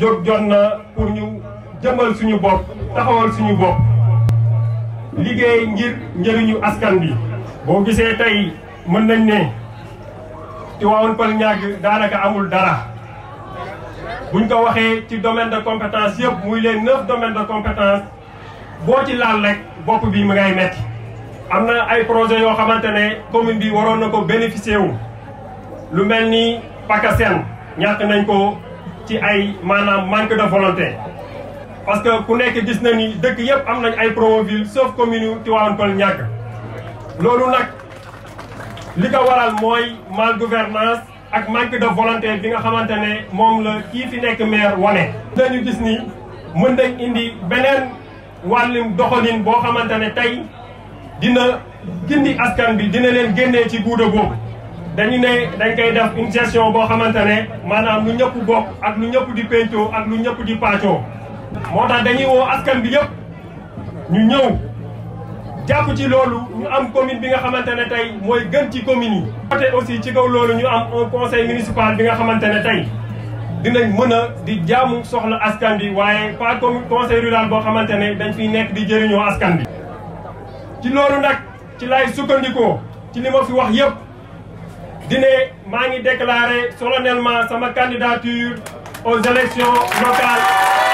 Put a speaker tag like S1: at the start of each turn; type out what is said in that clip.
S1: jóg jot na pour ñu jëmbal suñu bopp taxawal suñu bopp liggéey ngir njëriñu askan bi boo gisee tey mën nañ ne Tivaouane Peulh Niague daanaka amul dara buñ ko waxee ci domaine de compétence yëpp muy les neuf domaines de compétence boo ci laal rek bopp bi mu ngay metti am na ay projet yoo xamante ne commune bi waroon na ko bénéficier wu lu mel ni PACASEN ñàkk nañ ko ci ay maanaam manque de volonté parce que ku nekk gis na ni dëkk yëpp am nañ ay promoville sauf commune yu Tivaouane Peulh loolu nag li ko waral mooy mal gouvernance ak manque de volonté bi nga xamante ne moom la kii fi nekk maire wane ñu gis ni mën nañ indi beneen wàllum doxalin boo xamante ne tey dina gindi askan bi dina leen génnee ci guuda boobu dañu ne dañ koy def une gestion boo xamante ne maanaam mu ñëpp bokk ak lu ñëpp di pencoo ak lu ñëpp di paacoo moo tax dañuy woo askan bi yëpp ñu ñëw jàpp ci loolu ñu am commune bi nga xamante ne tey mooy gën ci commune yi. côté aussi ci kaw loolu ñu am un conseil municipal bi nga xamante ne tey dinañ mën a di jaamu soxla askan bi waaye pas comme conseil rural boo xamante ne dañ fiy nekk di jëriñoo askan bi. ci loolu nag ci laay sukkandikoo ci li ma fi wax yëpp. di ne maa ngi déclarer solennellement sama candidature aux élections locales